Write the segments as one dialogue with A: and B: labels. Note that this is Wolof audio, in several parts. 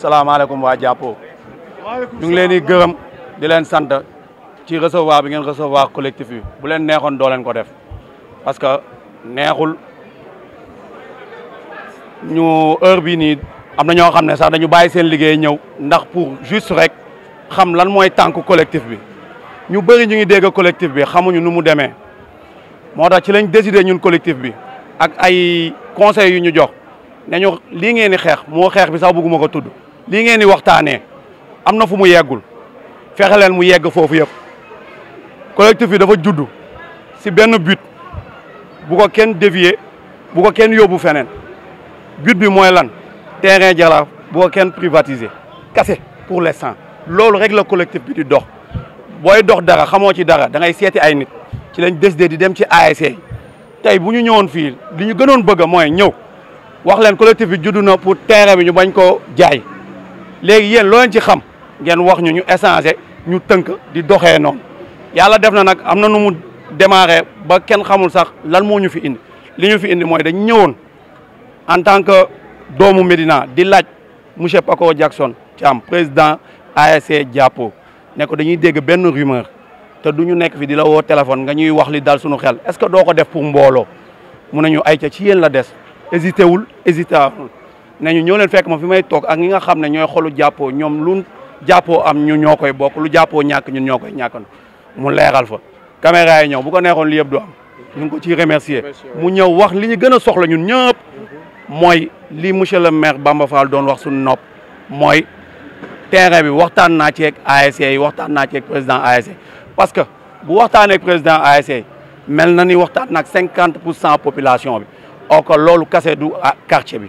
A: salaamaaleykum waa jàppoo ñu ngi leen di gërëm di leen sant ci recevoir bi ngeen recevoir collectif bi bu leen neexoon doo leen ko def parce que neexul ñu heure bii nii am na ñoo xam ne sax dañu bàyyi seen liggéey ñëw ndax pour juste rek xam lan mooy tànk collectif bi ñu bëri ñu ngi dégg collectif bi xamuñu nu mu demee moo tax ci lañ décidé ñun collectif bi ak ay conseil yu ñu jox ne ñu lii ngeen di xeex moo xeex bi sax bëgguma ko tudd li ngeen di waxtaanee am na fu mu yeggul fexaleen mu yegg foofu yëpp collectif yi dafa judd si benn but bu ko kenn dévier bu ko kenn yóbbu feneen but bi mooy lan terrain Jaraaf bu ko kenn privatiser kase pour l'instant loolu rek la collectif bi di dox booy dox dara xamoo ci dara da ngay seeti ay nit ci lañ décidé di dem ci ASC tey bu ñu ñëwoon fii li ñu gënoon bëgg mooy ñëw wax leen collectif bi judd na pour terrain bi ñu bañ ko jaay léegi yéen loo leen ci xam ngeen wax ñu ñu échanger ñu tënk di doxee noonu yàlla def na nag am na nu mu démarré ba kenn xamul sax lan moo ñu fi indi li ñu fi indi mooy dañ ñëwoon en tant que doomu Médina di laaj monsieur Paco Jackson Thiam président ASC Diapo ne ko dañuy dégg benn rumeur te du ñu nekk fi di la woo téléphone nga ñuy wax li dal suñu xel est-ce que doo ko def pour mbooloo mu ne ñu ay ca ci yéen la des hésité wul hésité nañu ñoo leen fekk ma fi may toog ak ñi nga xam ne ñooy xolu jàppoo ñoom lu jàppoo am ñu ñoo koy bokk lu jàppoo ñàkk ñun ñoo koy ñàkkandu mu leeral fa caméra yi ñëw bu ko neexoon li yëpp du am ñu ngi ko ciy remercier mu ñëw wax li ñu gën a soxla ñun ñëpp mooy li monsieur le maire Bamba Fall doon wax suñu nopp mooy terrain bi waxtaan naa ci ak waxtaan naa ci président ASC parce que bu waxtaanee ak président ASC mel na ni waxtaan nag cinquante pour cent population bi ok loolu kase du quartier bi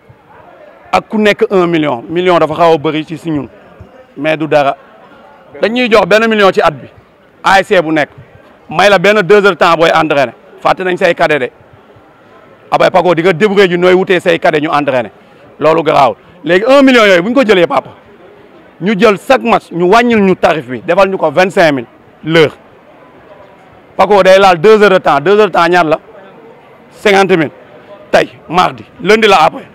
A: ak ku un million million dafa million a bëri ci si mais du dara dañuy million ci at bi bu heures temps nañ say de abay Paco di nga débrouiller nous nooy 1 say ñu ne un million yooyu bu papa ñu jël chaque match ñu ñu tarif bi defal ñu ko l'heure Paco day laal deux heures de temps deux heures de temps ñaar la 50 mille mardi lundi après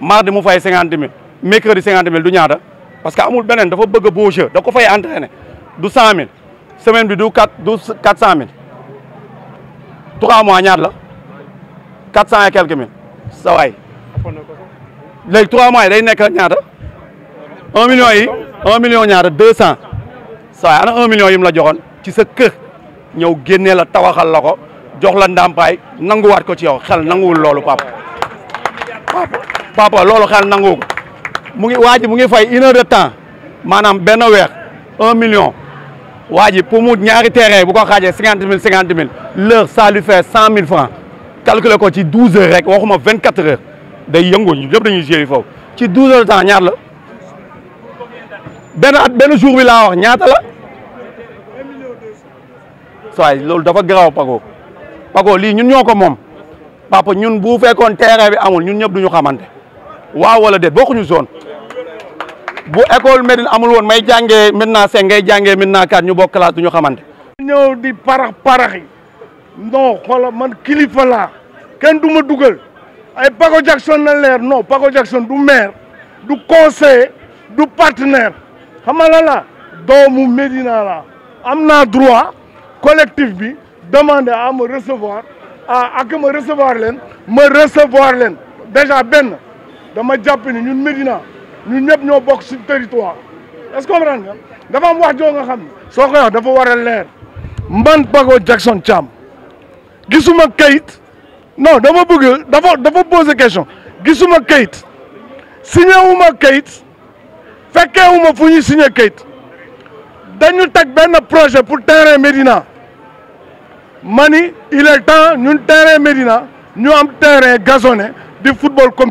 A: mardi mu fay cinquante mille mercredi cinquante mille du ñaata parce que amul beneen dafa bëgg a beau jeu da ko fay entraîner du cent mille semaine bi du quatre du quatre cent mille trois mois ñaata la quatre cent et quelques mille sa waay trois mois day nekk ñaata un million yi un million ñaata deux cent sa waay ana un million yi la joxoon ci sa ñëw génnee la tawaxal la ko jox la ndàmpaay nanguwaat ko ci yow xel nanguwul loolu papa papa loolu xel nangu ko mu ngi waa mu ngi fay une heure de temps maanaam benn weer un million waa ji pour mu ñaari terrain bu ko xaajee cinquante mille cinquante mille l'heure ça lui fait cent mille francs calculer ko ci douze heures rek waxuma vingt quatre heures day yëngu ñu yëpp dañuy gérer foofu ci douze heures de temps ñaar la benn at benn jour bi laa wax ñaata la waaye loolu dafa garaaw Pago Pago lii ñun ñoo ko moom papa ñun bu fekkoon terrain bi amul ñun ñëpp duñu xamante waaw wala déet bokkuñu zone bu école Médine amul woon may jàngee maintenant cinq ngay jàngee maintenant quatre ñu bokk classe du ñu xamante.
B: ñëw di parax paraxi non xoola man kilifa laa kenn du ma dugal ay Paco Jackson na leer non Paco Jackson du maire du conseiller du partenaire xam nga la la doomu Médina la am naa droit collectif bi demander à me recevoir à ak ma recevoir leen ma recevoir leen déjà benn. dama jàpp ni ñun Médina ñun ñep ñoo bokk le territoire est-ce que comprendre nga dafa am wax joo nga xam ne ko wax Jackson Cham, gisuma Kate. non dama bëgg dafa dafa poser question gisuma kayit signé wuma kayit fekkee wuma fu signé kayit dañu tag ben projet pour terrain Médina mani il est temps ñun terrain Médina ñu am terrain gazonné di football comme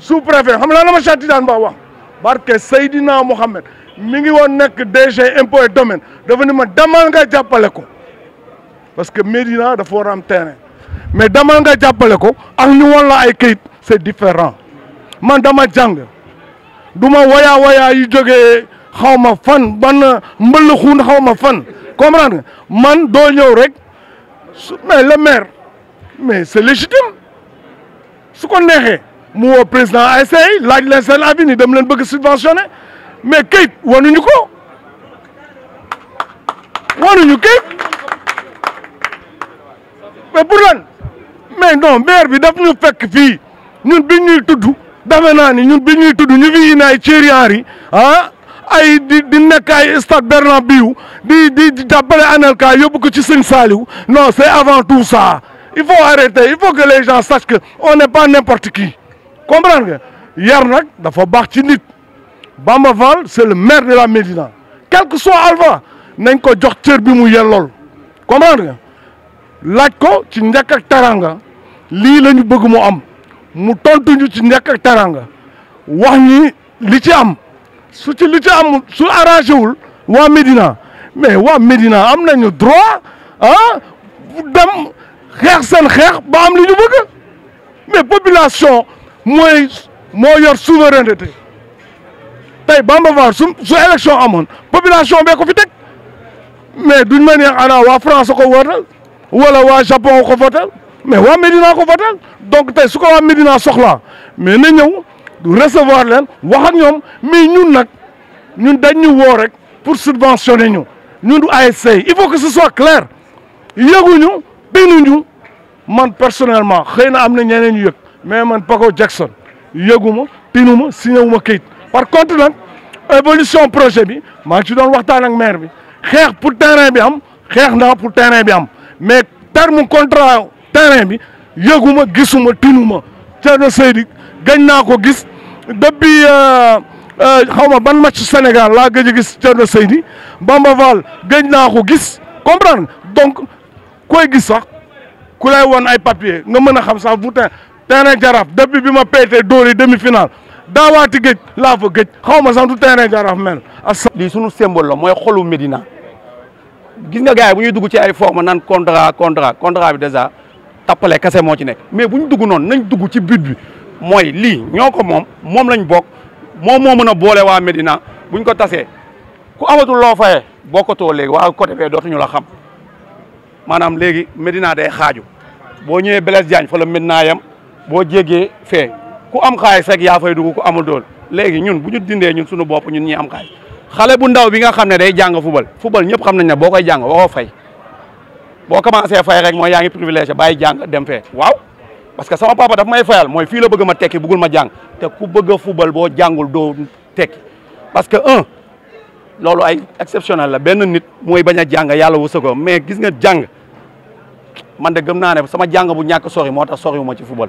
B: sous préfet xam pas la barke Seydina Mohamed mi ngi DG et domaine dafa ni ma un nga de ko parce que Médina dafa terrain mais demal nga faire? ko différent yu fan ban fan comprendre man un rek mais le maire mais c'est légitime ce qu'on est. mu woo président ASC laaj leen seen avis ni dem leen bëgg subventionné mais kayit wanuñu ko wanuñu kayit mais pour lan mais non maire bi daf fekk fii ñun bi ñuy tudd defe naa ni ñun bi ñuy tudd ñu fi naay Thierry Henry ah ay di di nekk ay stade Bernabéu di di di jàppale Anelka yóbbu ko ci Sëñ Saliou non c'est avant tout ça il faut arrêter il faut que les gens sachent que on n'est pas n'importe qui comprendre nga yar y dafa un c'est le maire de la Médina quel que soit Alva, nagn ko jox teur bi mu yelol comprendre nga laaj ko ci ak taranga li les bëgg am mu tontuñu ci taranga wax ni li ci am su ci li ci am su arrangé wul wa Medina. mais wa Medina? am nañu droit hein dem ba am mais population moi je suis souveraineté de Bamba une élection population bee mais duñ manière ana a France ko wala wa Japon ko votal mais wa Médina donc ce qu'on a Médina mais nous, recevoir mais nous, nous nous, pour subventionner Nous, nous du il faut que ce soit clair nous, nous. man personnellement rien nous, am mais man Paco Jackson yëguma tinuma signewuma këyit par contre nag évolution projet bi maa ngi ci doon waxtaan ak maire bi xeex pour terrain bi am xeex naa pour terrain bi am mais terme contrat terrain bi yëguma gisuma tinuma Thierno Seydi gañ naa ko gis depuis euh, euh, xaw ma ban match Sénégal laa gëj a gis Thierno Seydi Bamba Fall gëj naa ko gis comprendre donc koy gis sax ku lay woon ay papier nga mën a xam sax butin terrain jaraaf depuis bi ma peetee dóor yi demi final daawaati géej laa fa géej xaw ma sax du terrain jaraaf mel. a lii sunu symbole la mooy xolu Médina
A: gis nga bu ñuy dugg ci ay forme nan contrat contrat contrat bi dèjà tappale kese moo ci nekk mais bu ñu dugg noonu nañ dugg ci but bi mooy lii ñoo ko moom moom lañ bokk moom moo mën a boole waa Médina buñ ko tasee ku amatul loo fayee bokkatoo léegi waa côté bee dootuñu la xam maanaam léegi Médina day xaaju boo ñëwee Blaise Diagne fa la Médina boo jéggee fee ku am xaalis rek yaa fay dugg ku amul dool léegi ñun bu ñu dindee ñun suñu bopp ñun ñi am xaalis xale bu ndaw bi nga xam ne day jàng fubal fubal ñëpp xam nañ ne boo koy jàng waxoo fay boo commencé fay rek mooy yaa ngi privilège bàyyi jàng dem fee waaw parce que sama papa daf may fayal mooy fii la bëgg ma tekki bëggul ma jàng te ku bëgg a fubal boo jàngul doo tekki parce que un loolu ay exceptionnel la benn nit mooy bañ a jàng yàlla wësagoo mais gis nga jàng man de gëm naa ne sama jàng bu ñàkk sori moo tax soriwu ma ci fubal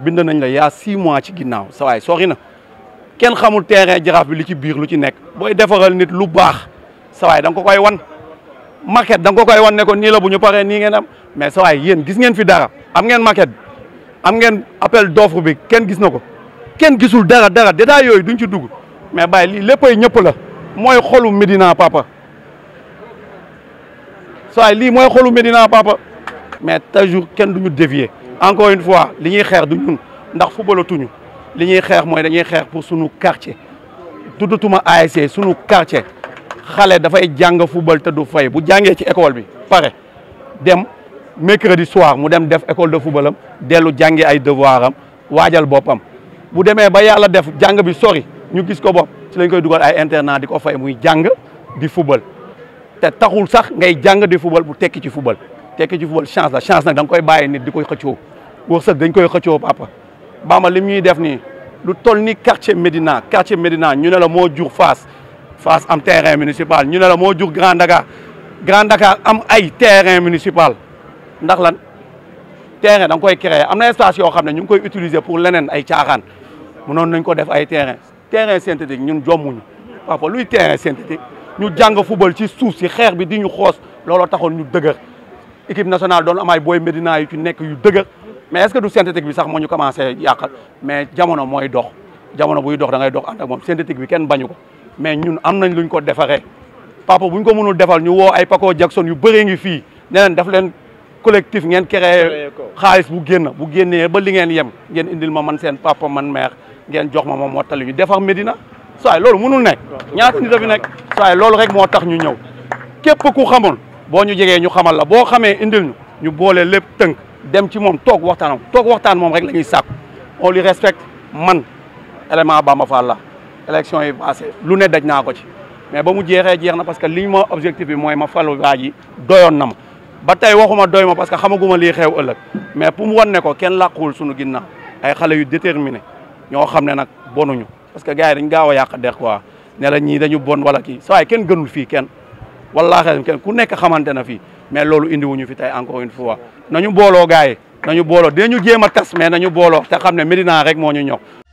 A: bind nañ la yaa six mois ci ginnaaw sa waay sori na kenn xamul terrain jaraaf bi li ci biir lu ci nekk booy defaral nit lu baax sa waay da ko koy wan maquette da nga ko koy wan ne ko nii la bu ñu paree nii ngeen am mais sa yéen gis ngeen fi dara am ngeen maquette am ngeen appel d'offre bi kenn gis na ko kenn gisul dara dara détail yooyu duñ ci dugg mais bàyyi lii léppay ñëpp la mooy xolu Médina papa sa lii mooy xolu Médina papa mais toujours kenn duñu dévier encore une fois li ñuy xeex du ñun ndax fubalatuñu li ñuy xeex mooy dañuy xeex pour sunu quartier tuddatuma ASC sunu quartier xale dafay jàng football te du fay bu jàngee ci école bi pare dem mercredi soir mu dem def école de football dellu jàngi ay devoir am waajal boppam bu demee ba yàlla def jàng bi sori ñu gis ko bopp ci lañ koy dugal ay internat di ko fay muy jàng di football te taxul sax ngay jàng di football bu tekki ci football tekki ci football chance la chance nak dang koy baye nit di koy xëccoo wërsëg dañ koy xëccoo papa bama lim ñuy def ni lu toll ni quartier Médina quartier Médina ñu ne la mo jur face face am terrain municipal ñu ne la mo jur Grand Dakar Grand Dakar am ay terrain municipal ndax lan terrain dang koy créer am na espace yo xamne ñu koy utiliser pour lenen ay caaxaan mënon nañ ko def ay terrain terrain synthétique ñun jommuñu papa luy terrain synthétique ñu jàng football ci sous si xex bi diñu xoss lolo taxone ñu dëgër équipe nationale doon am booy Médina yu nekk yu dëgër mais est-ce que du synthétique bi sax moo ñu commencé yàqal mais jamono mooy dox jamono buy dox da ngay dox ànd ak moom synthétique bi kenn bañu ko mais ñun am nañ luñ ko defaree papa buñ ko mënul defal ñu woo ay Paco Jackson yu bëree ngi fii ne leen daf leen collectif ngeen créé xaalis bu génn bu génnee ba li ngeen yem ngeen indil ma man seen papa man mère ngeen jox ma ma moo tali ñu defar Médina saay loolu mënul nekk ñaata nit a fi nekk saay loolu rek moo tax ñu ñëw képp ku xamoon boo ñu jegee ñu xamal la boo xamee indil ñu ñu boole lépp tënk dem ci moom toog waxtaanam toog waxtaan moom rek la ñuy sàkku on lui respecte man élément ma Fall la élection yi passé lu ne daj na ko ci mais ba mu jeexee jeex na parce que li ma objectif bi mooy ma falu waa ji doyoon na ma ba tey waxuma doy ma parce que xamaguma lii xew ëllëg mais pour mu wan ne ko kenn làquwul suñu na ay xale yu déterminé ñoo xam ne nag bonuñu parce que gars yi dañ gaaw a yàq dex quoi ne la ñii dañu bon wala kii saa kenn gënul fii kenn wallaahi kenn ku nekk xamante na fii mais loolu indi wuñu fi tey encore une fois nañu booloo gars yi nañu booloo dinañu jéem a tas mais ñu booloo te xam ne Médina rek moo ñu ñor